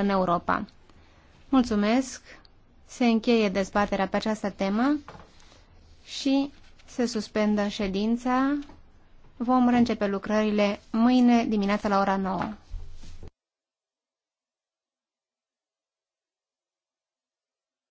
întâmplă în Europa. Mulțumesc! Se încheie dezbaterea pe această temă și se suspendă ședința. Vom reîncepe lucrările mâine dimineața la ora 9.